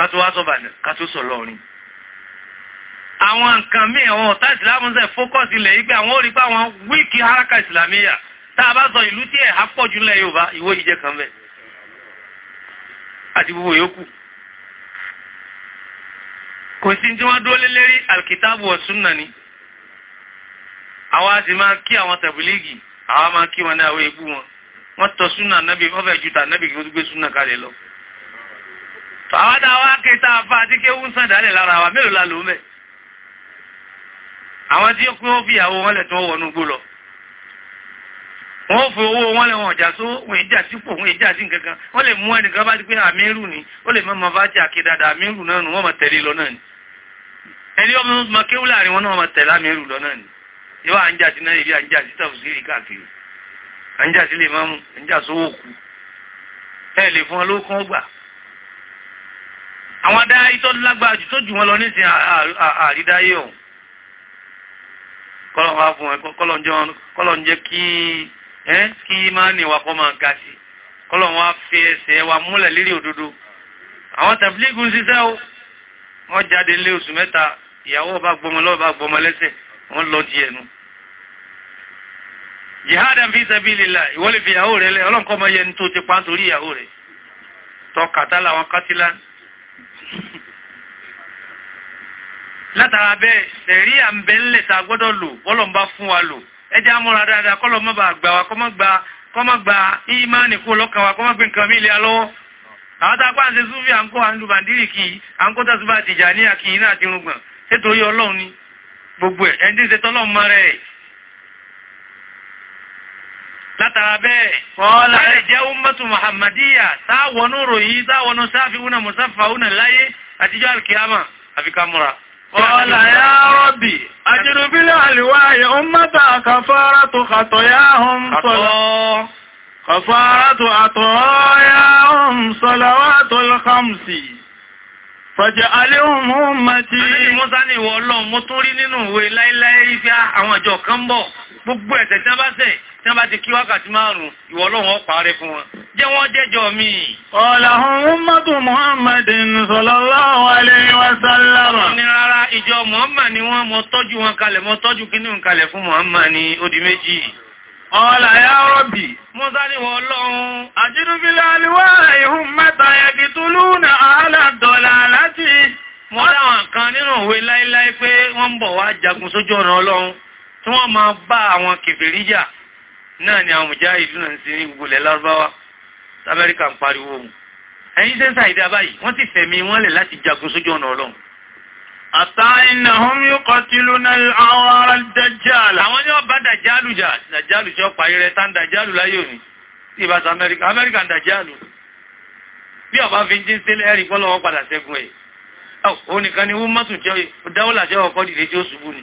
kátó wá sọ́bàdàn kátó sọ̀lọ́ orin àwọn nǹkan míì àwọn ọ̀tá ìsìlámù ṣe fókọ́sì ilẹ̀ yìí pé àwọn ò àwọn wíìkì haraka ìsìlámíyà tá a bá sọ ìlú tí ẹ̀ há pọ̀ jù nílẹ̀ Yorùbá ìwó yìí kan bẹ́ẹ̀ àti gbogbo yòókù kò sí tí wọ́n dúró lé alkitabu wa sunna ni àwa sì máa kí àwọn tẹ̀bùlíìgì àwa máa kí wọn ní àwọn ikú fàwádà wá kẹta àfà àti kéwú ń sàndálẹ̀ lára wa mélòó la lò mẹ́ àwọn tí ó pín ó fi ìyàwó wọn lẹ̀ tí wọ́n wọnú gbó lọ wọ́n fi owó wọn lẹ̀ wọn só wọn ìjà sípò wọn ìjà sí nǹkankan wọ́n lè mú ẹnìkan bá ti pé àmírù ni ó lè mọ́mọ́ bá jẹ́ àkídàdà àmírù náà nù wọ́n mọ̀ tẹ̀lé lọ náà ni ẹni ọmọ ọmọ kéwú láàrin wọn náà mọ̀ tẹ̀lé àmírù lọ náà ni yóò à ń jà sí náà ìbí ọgbà àwọn adáyé tó lágbára jù tó jù wọn lọ nísìn àrídáyé ọ̀ kọ́lọ̀n jẹ́ kí ẹ́ kí máa ní wakọ́ máa ga sí kọ́lọ̀n wá fi ẹsẹ̀ wa múlẹ̀ lérí òdodo àwọn tàbílígún síṣẹ́ ó wọ́n jáde lé oṣù mẹ́ta ìyàwó bá gbọmọ lọ́wọ́ bá gbọmọ lẹ́sẹ̀ wọ́n lọ di ẹnu jihada fi sabilillah ìwọ́lẹ̀ fi ìyàwó rẹ̀ lẹ́ ọlọ́nkọ́ mọ́ yẹn tó ti pa nítorí ìyàwó rẹ̀ tọ́ làwọn kátìlá látara bẹ́ẹ̀ ẹ̀rí à ń bẹ ńlẹ̀ tá a gbọ́dọ̀ lò bọ́lọ̀ ń bá fún wa lò ẹjẹ́ amúra dáadáa kọ́lọ̀ má bàa gbà wá kọ́mọ́ gba kọ́mọ́ gba kú lọ́kàn wa kọ́mọ́ gbé nǹkan mí ilé alọ́wọ́ àwọn tá a pa àṣẹ súnfì à ń kó à ń lu bàndírì kì í à ń kó tàṣùbà àtìjà ní àkìyí náà ti rúgbọ̀n ṣètò yọ ọlọ́run ni gbogbo ẹ̀ ẹni tí ń ṣe tọ́lọ́run mọ́ rẹ̀ látara bẹ́ẹ̀ kọ́lá ẹ̀jẹ̀ ummatu muhammadiyya táwọnú ròyìn táwọnú sáfihúnà musafahúnà láyé àtijọ́ alkiyama àfikà Ọ̀la ya rọ́bì, àjìrùbílẹ̀ àlìwáyé, ó mọ́ta kàfàárà tó kàtọ̀yá hùn sọ́lọ́. Kàfàárà tó àtọ̀ọ́yá hùn sọ́lọ́wà tó lọ́kàmsì. Fọ̀jẹ̀ aléhùn mú mẹ́tí. Mọ́sá ni ìwọ̀ ọlọ́run, mo tún rí nínú ìwé láíláí tí wọ́n bá ti kí wákàtí márùn-ún ìwọ ọlọ́run ọ̀pá rẹ fún wọn jẹ́ wọ́n jẹ́jọ mi. ọ̀làhùn wa sallam. ní rárá ìjọ muhammad ya rọ́bì. mọ́sá ni wọ́n lọ́run. àjírúbílẹ̀ aliwá ìhùn mẹ́ta ẹ̀kì túlú ní àhálà dọ̀là láti. wọ́n dáwọn kan nínú òwe láíláí pé wọ́n ń bọ̀ náà ni àwọn mùjáhìdì náà ń sin ní gbogbo ilẹ̀ lárúbáwá amẹ́ríkà ń pariwo mu ẹ̀yin sẹ́ńsà ìdá báyìí wọ́n ti fẹ̀mí wọn lẹ̀ láti jagun sójú ọ̀nà ọlọ́run Àtà iná hún yóò kọ tí ló náà àwọn ará dàjálà. Àwọn yóò bá dàjálù jà, dàjálù tí ó parí rẹ tán dàjálù láyé òní. Tí ìbá sa Amẹ́ríkà, Amẹ́ríkà dàjálù. Bí ọba fi ń jí sílẹ̀ ẹ̀rí pọ́lọ́wọ́ padà ṣẹ́gun ẹ̀. Ó nìkan ni ó mọ́tún tí ó ni.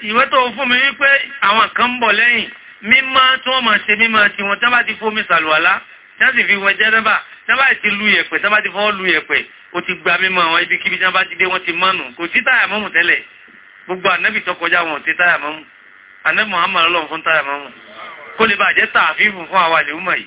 ìwé tó fún mi wípé àwọn kan ń bọ̀ lẹ́yìn mímọ́ tí wọ́n máa ṣe mímọ́ tí wọ́n tán bá ti fomi sàlùwàlá tán sì fi wọ jẹ́rẹ́bà tán bá ti lu yẹ̀pẹ̀ tán bá ti fọ́ lu yẹ̀pẹ̀ ó ti gba mímọ́ àwọn ibikíbi tán bá ti dé wọ́n ti mọ́nù kò sí táyà mọ́mù tẹ́lẹ̀ gbogbo ànábì tó kọjá wọn ti táyà mọ́mù ànábì Muhammad ọlọ́run fún táyà mọ́mù kó lè bàjẹ́ tààfíìfù fún àwa àlèhùmọ̀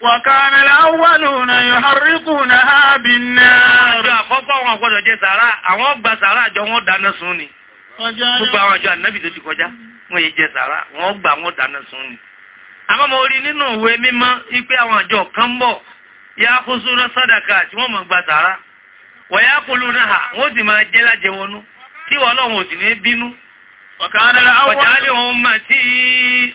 وكان الأولون يحرقونها بالنار àjọ àkọ́kọ́ wọn gbọ́dọ̀ jẹ sàárà àwọn gba sàárà àjọ wọn dáná sun ni gbogbo àwọn àjọ kọjá wọn yìí jẹ sàárà wọn gba wọn dáná sun ni àmọ́ nínú mímọ́ àwọn kan bọ̀ ya kó súná sàdákà tí wọ́n mọ̀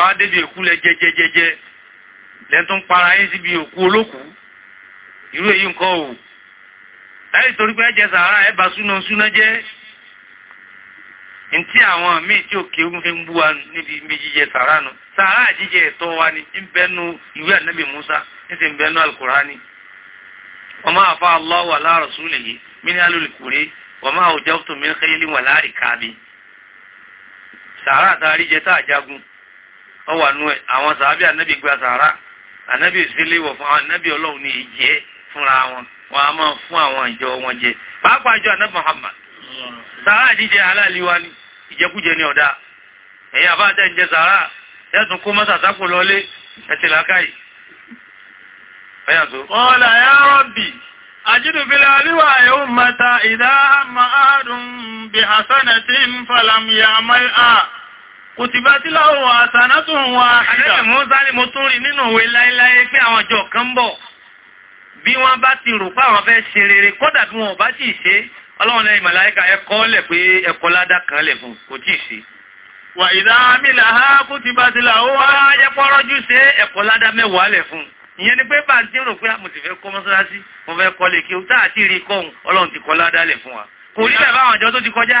wá débi ìkúlẹ̀ jẹjẹjẹjẹ lẹ́ntọ́ ń para yín síbi òkú olókù irú èyí nǹkan ò láì torí pé ẹjẹ sàárà ẹbà súná súná jẹ́ ntí àwọn míì tí òkè ń fi ń bú wa níbi méjìjẹ sàárà nù sàárà jíjẹ ẹ̀tọ́ wa ni ń bẹnu ìwé ànábì Musa ń sì ń bẹnu alukurani wa ma afa Allahu ala rasulihi min alul qura wa ma awjabtum min khaylin wala rikabi sàárà tá a rí jẹ tá a jagun ọ wà nú ẹ̀ àwọn sàábì ànábì gba sàárà ànábì sílẹ̀ fún àwọn ànábì ọlọ́run ní ìjẹ́ fúnra wọn wọn a máa fún àwọn ìjọ wọn jẹ pàápàá ìjọ ànábì Muhammad sàárà jíjẹ aláàlí ni ìjẹkújẹ ni ọ̀dà ẹ̀yà bá ń jẹ sàárà ẹ̀sùn kó mọ́ sàtàkù lọlé ẹ̀sìn làákàyè ẹ̀yà tó. ọ̀là ya Rabbi àjídù fi láríwá yóò ìdá máa dùn bí kùtìbátìlá ohun àsànátùn wa àṣíjà. Àṣẹ́ Mùsá ni mo tún rí nínú òwe láíláí pé àwọn ọjọ́ kan bọ̀ bí wọ́n bá ti rò pé àwọn fẹ́ ṣe rere kódà bí wọn ò bá tí ì ṣe ọlọ́run lẹ́yìn màláíkà ẹ̀kọ́ lẹ̀ pé ẹ̀kọ́ ládá kan lẹ̀ kò tí ì ṣe. Wà ìdá mílà ha kú ti bá ti là wá jẹ́ pọ́rọ́jú ṣe ẹ̀kọ́ ládá mẹ́wàá lẹ̀ fún. Ìyẹn ni pé bá ń tí rò pé ah, mo sì fẹ́ kọ́ mọ́sálásí mo fẹ́ kọ́ lè kí o táà tí ì rí kọ́hùn ọlọ́run ti kọ́ ládá lẹ̀ fún wa. Kò rí bẹ̀ báwọn ọjọ́ tó ti kọjá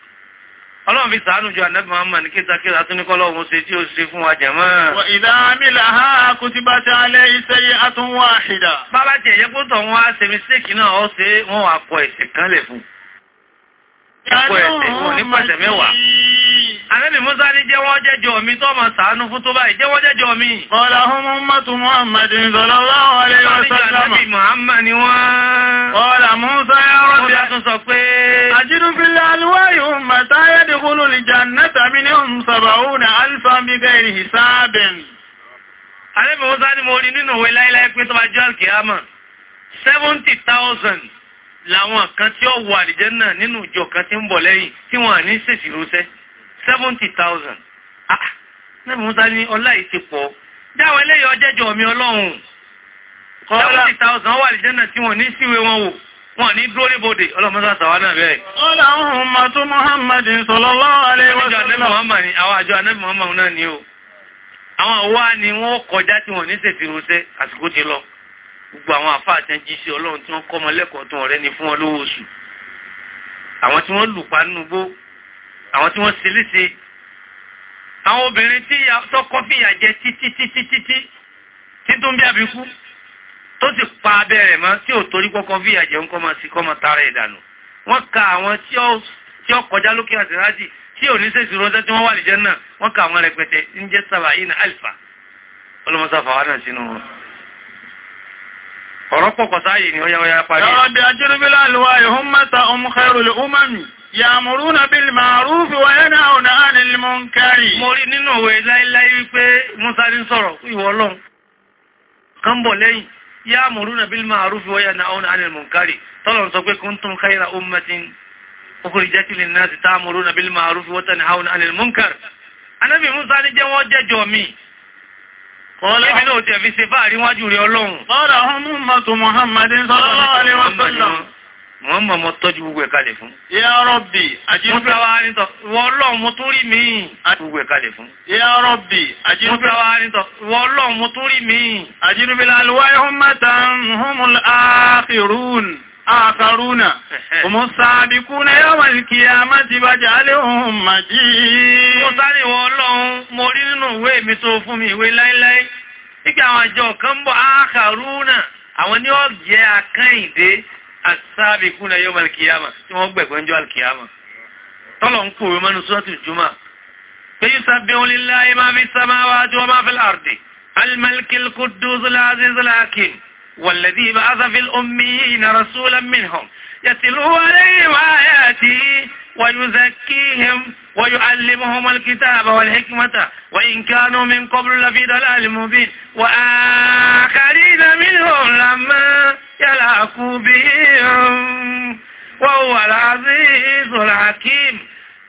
ọlọ́run fi sàánù ju ànábì Muhammad kétakéta tún ní kọ́lọ́run ṣe tí ó ṣe fún wa jẹ̀mọ́. wọ ìdámílà ha kò ti bá ti alẹ́ iṣẹ́ yẹ Ànábì Musa ní jẹ́ wọ́n jẹ́jọ mi tó ma sàánú fún tó báyìí, jẹ́ wọ́n jẹ́jọ mi. Ọlá ọmọ mọ́tún Muhammadu sallallahu ya rọ́bí a tún sọ pé, Àjínú bílá alwáyò mẹ́ta yẹ́ dìkúlù lè jà nẹ́ta mi hisabin. Ànábì Musa ni mo rí nínú òwe láíláí pé tó bá jọ́ alkiyama, 70,000 làwọn kan tí ó wà àlìjẹ́ náà nínú ìjọ kan tí ń bọ̀ lẹ́yìn tí wọ́n ní ṣèṣìróṣẹ́ seventy thousand ah níbi musa ní ọlá yìí ti pọ̀ dáwọn eléyìí ọjẹ́jọ́ mi ọlọ́run seventy thousand wà lìjẹ́nà tí wọ́n ní síwé wọn wò wọ́n ní dúró níbodè ọlọ́mọdé sàwá náà bẹ́ẹ̀. ọlá ọ̀hún màtó muhammadin sallallahu alaihi wa sallam. àjọ anẹ́bí muhammad ni àwọn àjọ anẹ́bí muhammad náà ni o àwọn àwa ni wọ́n kọjá tí wọ́n ní ṣètìrúṣẹ́ sí ọlọ́run tí wọ́n kọ́ ọmọ lẹ́kọ̀ọ́ tó ọ̀rẹ́ ni fún wọn lówó oṣù àwọn tí wọ́n lù pa nínú gbó àwọn tí wọ́n sílíṣe àwọn obìnrin tí tọ́kọ́ fìyà jẹ títí títí títí tí tó ń bí àbíkú tó sì pa abẹ́ rẹ̀ mọ́ tí ò torí kọ́kọ́ fìyà jẹ ń kọ́ sí kọ́ tara ìdànù wọ́n ka àwọn tí ó kọjá lókè àtìrájì tí ò ní sèṣì rọ́ṣẹ́ tí wọ́n wà lè náà wọ́n ka àwọn rẹpẹtẹ ń jẹ́ sábà yìí ní alifa ọlọ́mọsáfà wà náà sínú wọn ọ̀rọ̀ pọ̀kọ̀ sáàyè ni ó yá ó yá parí. ọ̀rọ̀ bí ajínúbílá àlùwà ìhún mẹ́ta ọmọ kẹrù lè ó mẹ́mì yàmùrúnà bil ma'rufi wa yanhauna 'anil munkari. mo rí nínú òwe láíláí wípé musa ní sọ̀rọ̀ ìwọ ọlọ́run kan bọ̀ lẹ́yìn yàmùrúnà bil ma'rufi wa yanhauna 'anil munkari tọ́lọ̀ sọ pé kuntum khayra ummatin ukhrijat linnasi ta'muruna bil ma'rufi wa tanhauna 'anil munkar. anábì musa ní jẹ́ wọ́n jẹ́jọ mi wọ́n mọ̀ mọ́ tọ́jú gbogbo ẹ̀kalẹ̀ fún. Ya Rabbi, àjírígbàwà nítọ̀, wọ́n lọ́n mú tó rí mi. Gbogbo ẹ̀kalẹ̀ fún. Ya Rabbi, àjírígbàwà nítọ̀, wọ́n lọ́n mú tó rí mi. Àjírígbàwà alùwá ẹ̀hún mẹ́ta ń hùmùl áàfìrún. Àkàrúnà, ọmọ sàbíkúnà yọ́ wà ní kìíyà má ti bá jà lé ohun màjí. Mo sáré wọ ọlọ́run, mo rí nínú ìwé mi tó fún mi ìwé láíláí. Nígbà àwọn àjọ kan bọ̀ ákàrúnà, àwọn ni ó jẹ́ akán ìdé asábìkúnlẹ̀ yóò mọ̀ alkiyama tí wọ́n gbẹ̀gbẹ̀ ń jọ alkiyama tọ́lọ̀ ń kòrò mọ́nu sọ́tù jùmọ́ pé yóò sábẹ́ wọn lílá ẹmà fi sámá wá jọ ọmọ fi láàrùdì almalkil kudus al-aziz al-hakim wàlẹ̀dí ibà azafil omi ìnà rasulan minhum yàtìlú alayhim ayatihi wa yuzakkihim wa yu'allimuhum al-kitaba wal hikmata wa in kanu min qablu lafi dalalin mubin wa akharina minhum lamma يلعف بهم وهو العزيز الحكيم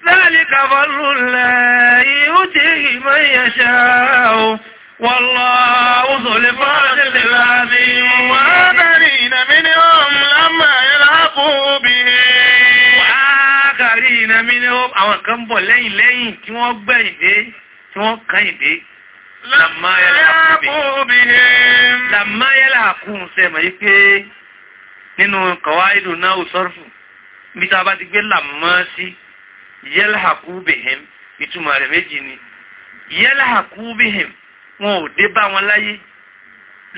ذلك فضل الله يؤتيه من يشاء والله ذو الفضل العظيم وآخرين منهم لما يلعقوا به وآخرين منهم àwọn kan bọ̀ lẹ́yìn lẹ́yìn tí wọ́n gbẹ̀yìn dé tí wọ́n kàn dé lámáyẹ́lá àkún sẹ́mọ̀ yí pé nínú kọwàá ìlú náà ò sọ́rọ̀fù bí ta bá ti gbé lámọ́ sí yẹ́lá àkún bèhẹ́m ìtumọ̀ rẹ̀ méjì ni yẹ́lá àkún bèhẹ́m wọn ò dé bá wọn láyé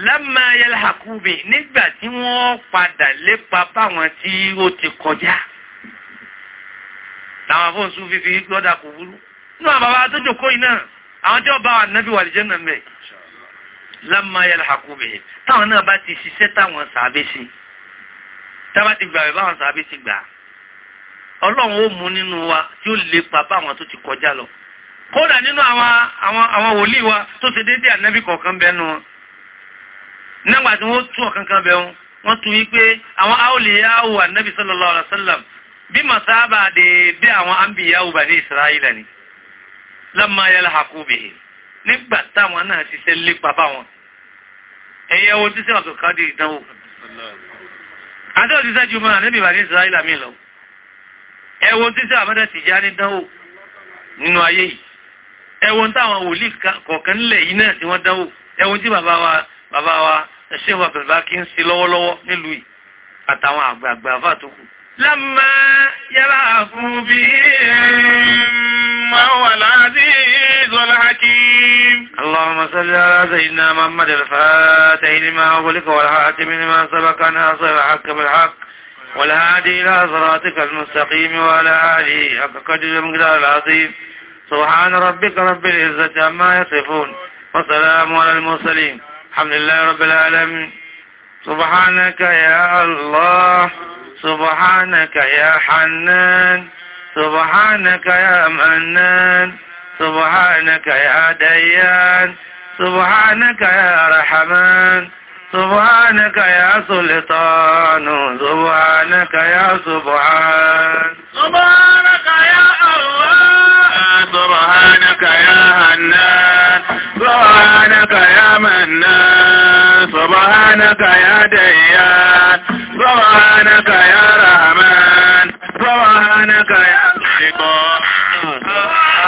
lámáyẹ́lá àkún bèhẹ́m nígbà tí wọ́n padà lépa báwọn tí ó ti kọjá láwọn afọ́nsú fífi gbọ́dà kò burú náà bàbá tó jòkó yìí náà àwọn tí ó bá ànábì wà lìjẹ́ náà mẹ́ lámà yalhaqu bihi táwọn náà bá ti ṣiṣẹ́ táwọn sàábé sí tábà ti gbà rẹ̀ báwọn sàábé sí gbà ọlọ́run ó mú nínú wa tí ó lè pa báwọn tó ti kọjá lọ kódà nínú àwọn wòlíì wa tó ti dédé ànábì kọ̀ọ̀kan bẹ́nu wọn nígbà tí wọ́n tún ọ̀kankan bẹ̀rún wọ́n tún wípé àwọn áwòlìyàwó ànábì sallallahu alaihi wasallam bí lọ́mọ ayẹ́lá àkóbìhì nígbà táwọn náà ṣiṣẹ́ lépa bá wọn ẹ̀yẹ owó tí sẹ́wọ̀n tó káàdì ìdánwò àti òṣìṣẹ́ ju mọ́ra níbi ìbàdí ìsìláìlà mi lọ ẹ̀wọ̀n tí sẹ́wọ̀n àbẹ́dẹ̀ ti já ní dánwò nínú ayé yìí ẹ̀wọ̀n táwọn wòlíì kọ̀ọ̀kan nílẹ̀ yìí náà tí wọ́n dánwò ẹ̀wọ̀n tí إنه هو العزيز الحكيم اللهم صل على سيدنا محمد الفاتح لما أغلق والحاتم لما سبق ناصر الحق بالحق والهادي إلى صراطك المستقيم وعلى آله حق قدر المقدار العظيم سبحان ربك رب العزة عما يصفون وسلام على المرسلين الحمد لله رب العالمين سبحانك يا الله سبحانك يا حنان سبحانك يا منان سبحانك يا ديان سبحانك يا رحمن سبحانك يا سلطان سبحانك يا سبحان سبحانك يا الله سبحانك يا هنان سبحانك يا منان سبحانك يا ديان سبحانك يا رحمن سبحانك يا شيخ